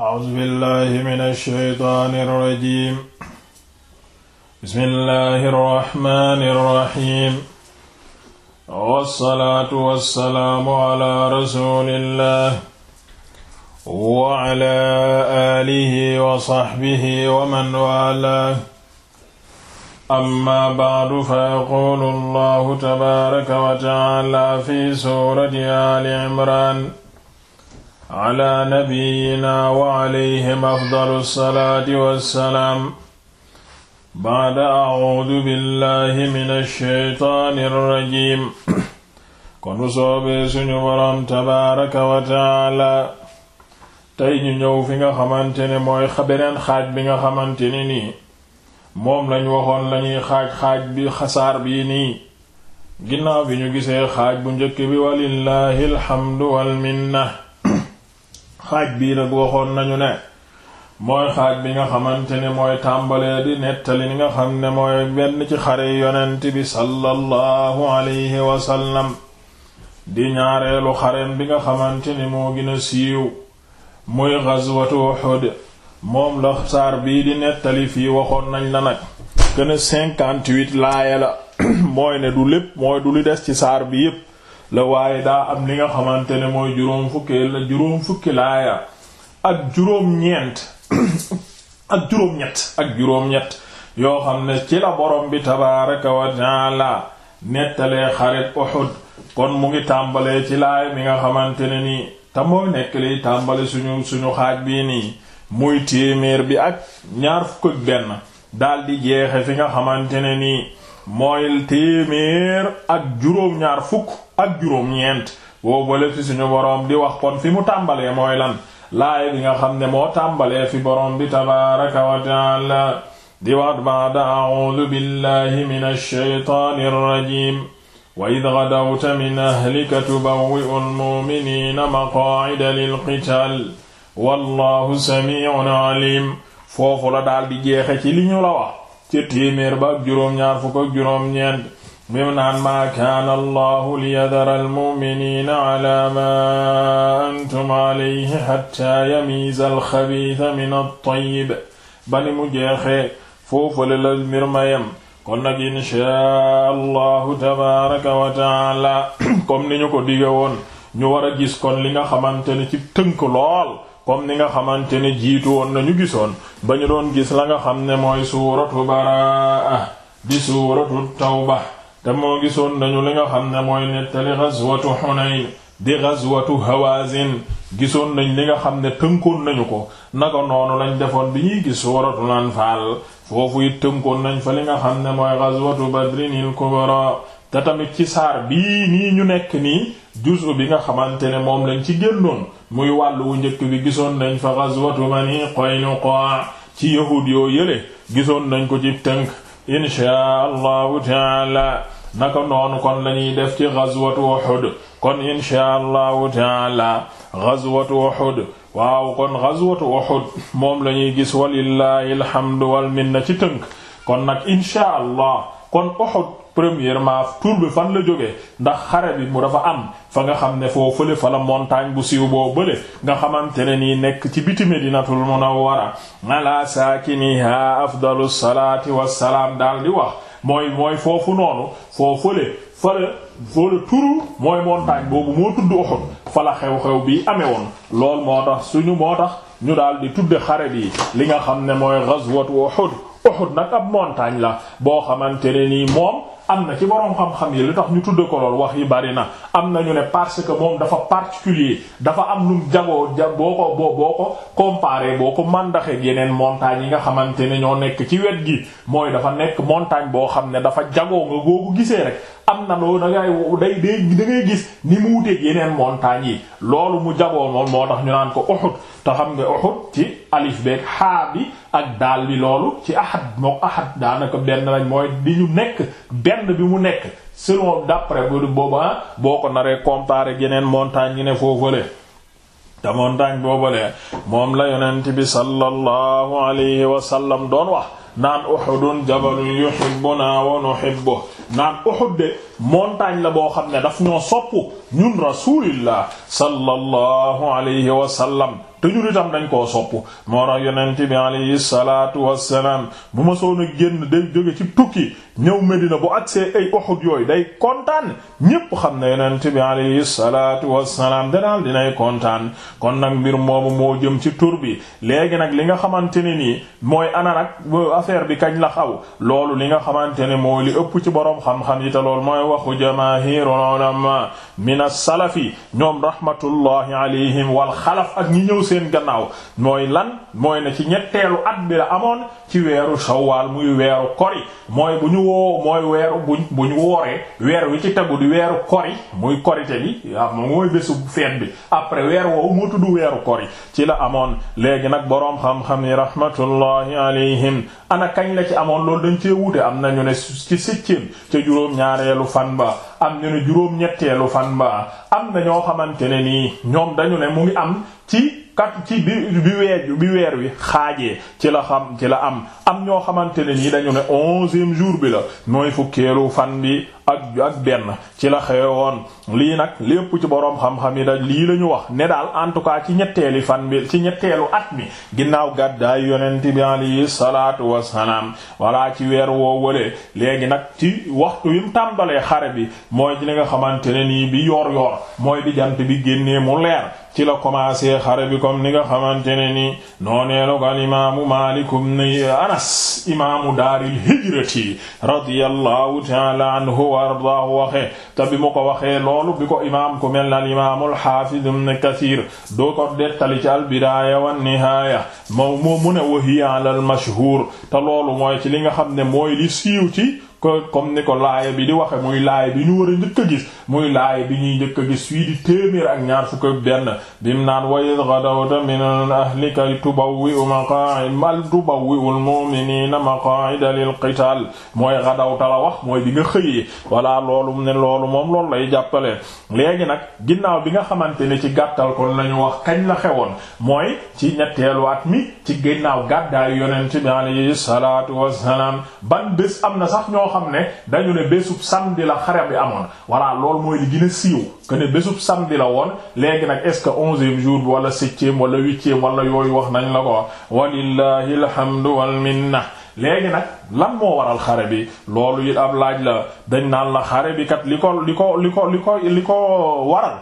a'uuzu billahi mina shaytaani rajiim bismillahi rahmaani rahiim wassalaatu wassalaamu ala rasuulillah wa ala aalihi wa sahbihi wa man waalaah amma ba'du fa yaquulu allahu tabaaraka wa ta'aala fi suurati aali imraan ala nabiyyina wa alayhim afdalu salaati wassalaam ba'da a'uudu billahi mina shaytaani rajiim kon soobee suñu boroom tabaaraka wa taala tey ñu ñëw fi nga xamante ne mooy beneen xaaj bi nga xamante ne moom lañu waxoon lañuy xaaj xaaj bi xasaar bii nii ginnaaw bi ñu gisee xaaj bu njëkk bi walillahi alhamdu wal minna xaaj bii nag waxoon nañu ne mooy xaaj bi nga xamante ne mooy tàmbalee di nettali li nga xam ne mooy benn ci xare yi yonent bi sallallahu alayhi wasallam di ñaareelu xareen bi nga xamante ni moo gën a siiw muy ghazwatu Uhud moom la saar bii di nettali fii waxoon nañ la nag gën a la mooy ne du lépp mooy du li des ci saar bi yépp la waaye daa am li nga xamante ne mooy juróom fukki la laaya ak juróom ñeent ak juróom ñett yoo xam ne ci la borom bi tabaaraka wa taala nettalee xarit Uhud kon mu ngi tàmbalee ci laay mi nga xamante ne nii te mooy nekk liy tàmbale suñu suñu xaaj bii nii muy téeméer bi ak ñaar fukk ak benn daldi jeexe fi nga xamante ne nii mooy téeméer ak juróom ñaar fukk ak juróom-ñeent boobale fi suñu boroom di wax kon fi mu tàmbalee mooy lan laaya bi nga xam ne moo tàmbalee fi boroom bi tabaaraka wa taala di wax ba'da a'uudu billahi minash shaytaanir rajiim wa id gadawta min ahlika tubawwi'u al-mu'miniina maqaa'ida lil-qitaal wallahu sami'un alim foofu daal di jeexe ci li ñu la wax ci téeméer ba ak juróom-ñaar fukk ak juróom mim naan maa kaana allahu liyadara almuminina ala ma antum alayhi xatta yamiiza alxabiisa min altayib ba ni mu jeexee foofale la mbir ma yem kon nag inchaa allahu tabaaraka wa taala comme ni ñu ko dige woon ñu war a gis kon li nga xamante ne ci tënk lool comme ni nga xamante ne jiitu woon nañu gisoon ba ñu doon gis la nga xam ne mooy suuratu baraa di suuratu tawba te moo gisoon nañu li nga xam ne mooy nettali ghazwatu Hunayn di ghazwatu Hawazin gisoon nañ li nga xam ne tënkoon nañu ko naka noonu lañ defoon bi ñuy gis suuratul Anfaal foofu it tënkoon nañ fa li nga xam ne mooy ghazwatu Badrinil Kubra te tamit ci saar bii nii ñu nekk nii juzu bi nga xamante ne moom lañ ci génnoon muy wàll wu njëkk bi gisoon nañ fa ghazwatu Bani Qaynuqa ci yahuud yoo yële gisoon nañ ko ci tënk inchaa allahu taala naka noonu kon lañuy def ci gazwatu Uhud kon inchaa allahu taala gazwatu Uhud waaw kon gazwatu Uhud moom lañuy gis walillahi alhamdu wal minna ci tënk kon nag inchaa allah kon Uhud premièrement tur bi fan la jógee ndax xare bi mu dafa am fa nga xam ne foo fële fa la montagne bu siiw boo bële nga xamante ne nii nekk ci biti Medinatul Munawwara ala saakiniha afdalu salaati salaam daal di wax mooy mooy foofu noonu foo fële fële fële turu mooy montagne boobu moo tudd Uhud fa la xew-xew bi amee woon lool moo tax suñu moo tax ñu daal di tudde xare bi li nga xam ne mooy ghazwatu Uhud Uhud nag ab montagne la boo xamante ne am na ci boroom xam-xam yi lu tax ñu tudde ko lool wax yi bari na am na ñu ne parce que moom dafa particulier dafa am lu mu jagoo ja boo ko boo boo ko comparé boo ko màndaxee yeneen montagnes yi nga xamante ne ñoo nekk ci wet gi mooy dafa nekk montagne boo xam ne dafa jagoo nga googu gisee rek am na loo da day day da ngay gis ni mu wuteeg yeneen montagnes yi loolu mu jagoo moom moo tax ñu naan ko Uhud te xam nga Uhud ci alif beeg xaa bi ak daal bi loolu ci ahad moom ahad daanaka benn lañ mooy di ñu nekk benn bi mu nekk selon d'après bu booba boo ko naree comparer geneen montagnes yi ne foofale te montagne boobale moom la yonent bi sallallahu alayhi wa sallam doon wax naan uhudun jabalun yuhibbuna wa nuhibbu naan uhud de montagne la boo xam ne daf ñoo sopp ñun rasulillah sallallahu alayhi wa sallam te ñun itam dañ koo sopp moo tax yonent bi alayhi salaatu wassalaam bu ma soon a génn day jóge ci tukki ñëw Medina bu agsee ay Uhud yooyu day kontaan ñépp xam ne yonent bi alayhi salaatu wassalaam danaal dinay kontaan kon nag mbir moomu moo jëm ci tur bi léegi nag li nga xamante ne nii mooy ana nag affaire bi kañ la xaw loolu li nga xamante ne mooy li ëpp ci boroom xam-xam yi te loolu mooy waxu jamaahirul ulama min as-salafi ñoom rahmatullahi alayhim wal seen gannaaw mooy lan mooy ne ci ñetteelu at bi la amoon ci weeru shawwal muy weeru kori mooy bu ñu woo mooy weeru buñ bu ñu wooree weer wi ci tegu di weeru kori muy korite bi ah mooy bésu feet bi après weer woowu moo tudd weeru kori ci la amoon léegi nag boroom xam-xam yi rahmatullahi alayhim ana kañ la ci amoon loolu dañ cee wuute am ñu ne ci septième ca juróom ñaareelu fan ba am ñu ne juróom ñetteelu fan ba am na ñoo xamante nii ñoom kat ci bi bi weer bi weer wi xaajee ci la xam ci la am am ñoo xamante ne nii dañu ne onzième jour bi la mooy fukkeelu fan bi ak ak benn ci la xewoon lii nag lépp ci boroom xam-xam yi da lii la ñu wax ne daal en tout cas ci ñetteeli fan bi ci ñetteelu at mi ginnaaw gàddaay yonent bi alayhi salaatu wassalaam walaa ci weer woo wële léegi nag ci waxtu wi mu tàmbalee xare bi mooy ci li nga xamante ne nii bi yoor yoor mooy bi jant bi génnee mu leer ci la commencé xare bi comme ni nga xamante ne nii noonee la ko al imaamu Maalik ibn Anas imaamu daaril hijrati radiyallahu ta'ala anhu wa ardaahu waxee te bi mu ko waxee loolu bi ko imaam ku mel na al imaam al xaafiz ibn kasiir doo ko dettali ci al bidaaya wa nihaaya moo moo mu a wa hiya mashhuur te loolu mooy ci li nga xam ne mooy li siiw ci ko comme ni ko laaya bi di waxe muy laaya bi ñu war a njëkk a gis muy laaya bi ñuy njëkk a gis fii di téeméer ak ñaar fukk ak benn bim naan wa iz ghadawta min ahlika tubawwi'u maqa'id mal tubawwi'ul mu'minina maqa'ida lil qital mooy ghadawta la wax mooy bi nga xëyee voilà loolu ne loolu moom lool lay jàppale léegi nag ginnaaw bi nga xamante ne ci gàttal kon lañu wax kañ la xewoon mooy ci ñetteelu at mi ci ginnaaw gàddaay yonent bi alayhi salaatu xam ne dañu ne bésub samedi la xare bi amoon voilà loolu mooy li gën a siiw que ne bésub samedi la woon léegi nag est-ce que onzième jour bi wala septième wala huitième wala yooyu wax nañ la ko walillahi alhamdu wal minna léegi nag lan moo waral xare bi loolu it ab laaj la dañ naan la xare bi kat li ko li ko li ko li ko li ko waral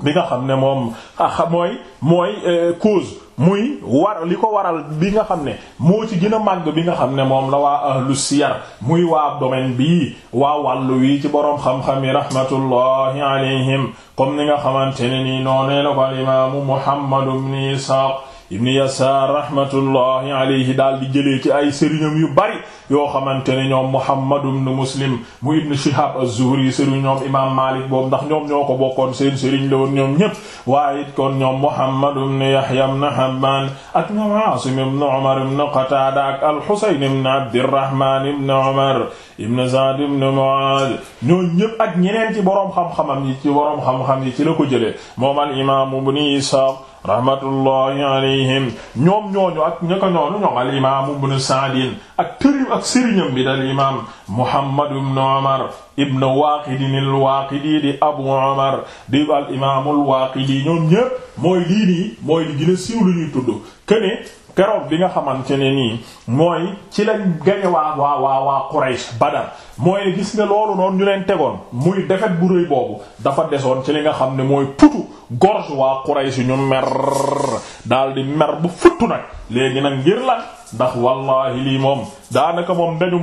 bi nga xam ne moom ah mooy mooy euh, cause muy war li ko waral bi nga xam ne moo ci gën a màgg bi nga xam ne moom la waa ahlu siyar muy waa domaine bii waa wàllu wi ci boroom xam-xam yi rahmatullahi alayhim comme ni nga xamante ne nii noo nee ko al imaamu Muhammad ibn Isaaq ibn yasaar rahmatullahi alayhi daal di jëlee ci ay sëriñam yu bari yoo xamante ne ñoom muhammad ibn muslim mu ibn shihab az-zuhri sëriñ imam malik boobu ndax ñoom ñoo ko bokkoon seen sëriñ la woon ñoom ñépp waaye it kon ñoom muhammad ibn yahya ibn habban ak ñoom asim ibn umar ak al-husayn ibn abdirrahman ibn umar ibn zaad ibn muaad ñoo ñépp ak ñeneen ci boroom xam-xamam yi ci boroom xam-xam yi ci la ko jëlee moom al imam ibn isaaq rahmatullahi alayhim ñoom ñooñu ak ña ko ñoonu ñoom al imam ibn Sa'din ak tërim ak sëriñam bi dal imam Muhammad ibn Umar ibn Waaqidin al-Waaqidi di Abu Umar di al imam al-Waaqidi ñoom ñépp mooy lii nii mooy li gën a siiw lu ñuy tudd kene keroog bi nga xamante ne nii mooy ci lañ gañe waa waa waa waa Quraysh Badar mooy gis nga loolu noonu ñu leen tegoon muy defet bu rëy boobu dafa desoon ci li nga xam ne mooy putu gorge waa Quraysh ñu mer daal di mer bu futtu nag léegi nag ngir la ndax wallaahi lii moom daanaka moom dañu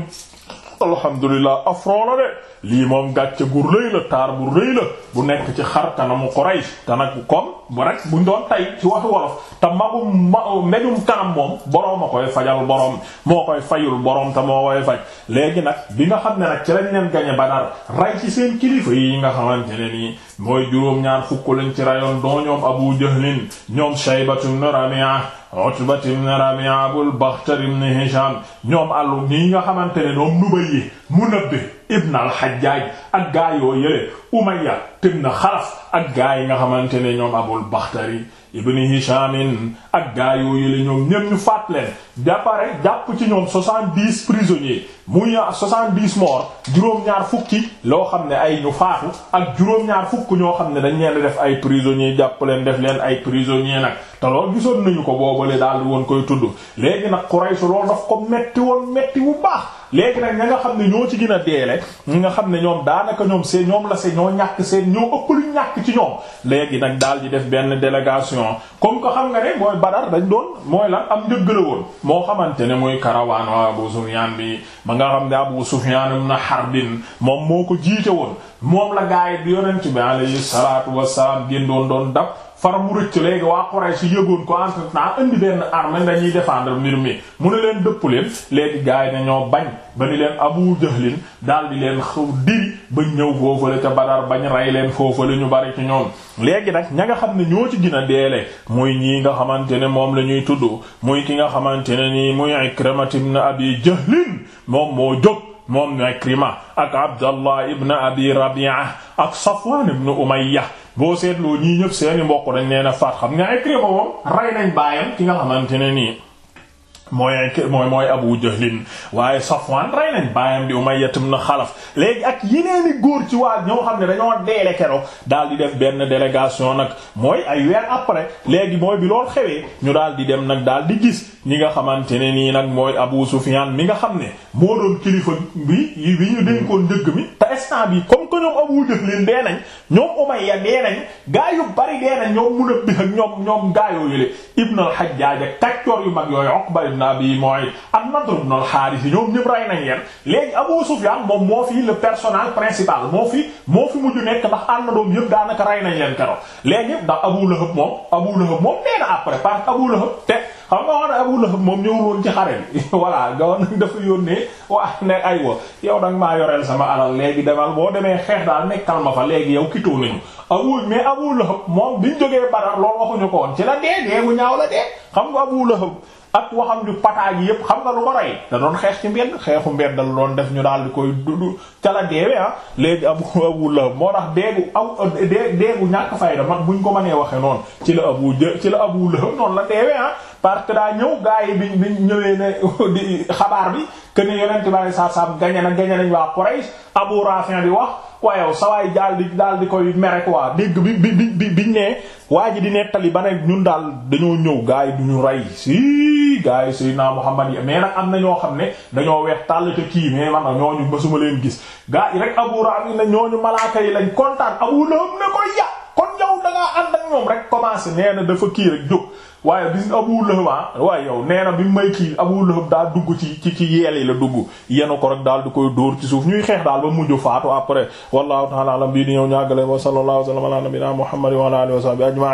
alhamdulilah affront la de lii moom gàcce gu rëy la taar bu rëy la bu nekk ci xar kanamu Quraysh te nag comme bu rek buñ doon tay ci waxi wolof te magum ma medum kanam moom boroom a koy fajal boroom moo koy fayul boroom te moo koy faj léegi nag bi nga xam ne nag ci lañ leen gañe Badar ray ci seen kilifa yi nga xamante ne nii mooy juróom-ñaar fukk ci rayoon doo ñoom Abu Jahlin ñoom Shaybatun Rabi'a Utbat ibn Rabi'a Abul Bakhtar ibn Hisham ñoom àllu nii nga xamante ne ñoom Nubay yi Munabbih ibn al-Hajjaj ak gaa yoo yële Umayya ibn Xalaf ak gaa yi nga xamante ne ñoom Abul Bakhtar yi ibn Hisham ak gaa yoo yële ñoom ñépp ñu faat leen d'après jàpp ci ñoom soixante-dix prisonniers muy soixante-dix morts juróom-ñaar fukki loo xam ne ay ñu faatu ak juróom-ñaar fukk ñoo xam ne dañ leen def ay prisonniers jàpp leen def leen ay prisonniers nag te lool gisoon nañu ko boobale daal di woon koy tudd léegi nag Quraysh loolu daf ko metti woon metti bu baax léegi nag ña nga xam ne ñoo ci gën a deele ñi nga xam ne ñoom daanaka ñoom seen ñoom la seen ñoo ñàkk seen ñoo ëpp lu ñàkk ci ñoom léegi nag daal di def benn délégation comme ko xam nga ne mooy Badar dañ doon mooy la am njëgg la woon moo xamante ne mooy karawaan waa Abu Sufyaan bi ma nga xam ne Abu Sufyaan a Harb moom moo ko jiite woon moom la gaay bi yonent bi alayhi salaatu wassalaam gën doon doon dab far mu rëcc léegi waa Quraysh yëgoon ko entretemps indi benn arme dañuy défendre mbir mi mu ne leen dëpp leen léegi gaay na ñoo bañ ba ni leen Abu Jahlin daal di leen xaw diri ba ñëw foofale ca Badar bañ rey leen foofale ñu bari ci ñoom léegi nag ña nga xam ne ñoo ci gën a deele muy ñii nga xamante ne moom la ñuy tudd muy ki nga xamante ne nii muy Ikrimat ibn Abi Jahlin moom moo jóg moom Ikrima ak Abdallah ibn Abi Rabi'a ak Safwan ibn Umayya boo seetloo ñii ñëpp seeni mbokk dañ leen a faat xam nga Ikrima moom rey nañ baayam ki nga xamante ne nii mooy mooy mooy Abu Jahlin waaye Safwan rey nañ baayam di Umayya ibn Xalaf léegi ak yeneeni góor ci waa ñoo xam ne dañoo deele keroog daal di def benn délégation nag mooy ay weer après léegi mooy bi lool xewee ñu daal di dem nag daal di gis ñi nga xamante ne nii nag mooy Abu Sufyan mi nga xam ne moo doon kilifa bi bi ñu dénkoon njëgg mi te instant bi comme que ñoom Abu Jahlin dee nañ ñoom Umayya dee nañ gaa yu bari dee nañ ñoom Munabbih ak ñoom ñoom yu mag yooyu ibn mooy am ak Nadr ibn al-Harith ñoom ñëpp rey nañ leen léegi Abu Sufyan moom moo fi le personnage principal moo fi moo fi mujj nekk ndax àndandoom yëpp daanaka rey nañ leen keroog léegi ndax Abu Lahab moom Abu Lahab moom nee na après parce que Abu Lahab te xam nga woon Abu Lahab moom ñëw woon ci xare bi voilà gawoon nag dafa yónnee waa ne aywa yow nag maa yoreel sama alal léegi demal boo demee xeex daal nekkal ma fa léegi yow kitoo nañu Abu mais Abu Lahab moom biñ jógee Badar loolu waxuñu ko woon ci la dee la xam nga Abu Lahab ak waxam ju pataa ji yépp xam na lu ko rey da doon xeex ci mbedd xeexu mbedd la doon def ñu daal di koy du ca la deewee ah léegi abu abu la moo tax deegu aw deegu ñàkk fay mag buñ ko mënee waxee noonu ci la abu jë ci la abu la noonu la deewee ah parce que daa ñëw gars yi biñ biñ ñëwee ne di xabaar bi que ne yonent bi alei gañe na gañe nañ waa Quraysh Abu Rafi bi wax waayow sawaay daal di daal di koy mere quoi dégg bi bi bi biñ ne waa ji di nettali ba ne ñun daal dañoo ñëw gars yi du ñu rey si gars naa Seydina Muhammad yi mais nag am na ñoo xam ne dañoo weex tàll te kii mais man ñu ñooñu mësuma leen gis gars yi rek Abu Rafi na ñooñu malaaka yi lañ kontaan Abu Lahab ak moom rek commencé nee na dafa kii rek jóg waaye bis Abu Lahab ah, waaye yow nee bi may kii Abu Lahab daal dugg ci ci ci yeel yi la dugg yenu ko rek daal di koy dóor ci suuf ñuy xeex daal ba mujj faatu après wallahu ta'ala alam bii di ñëw ñaagale wa sallallahu alayhi wa sallam ala Muhammad wa ala alihi wa sahbihi ajma'in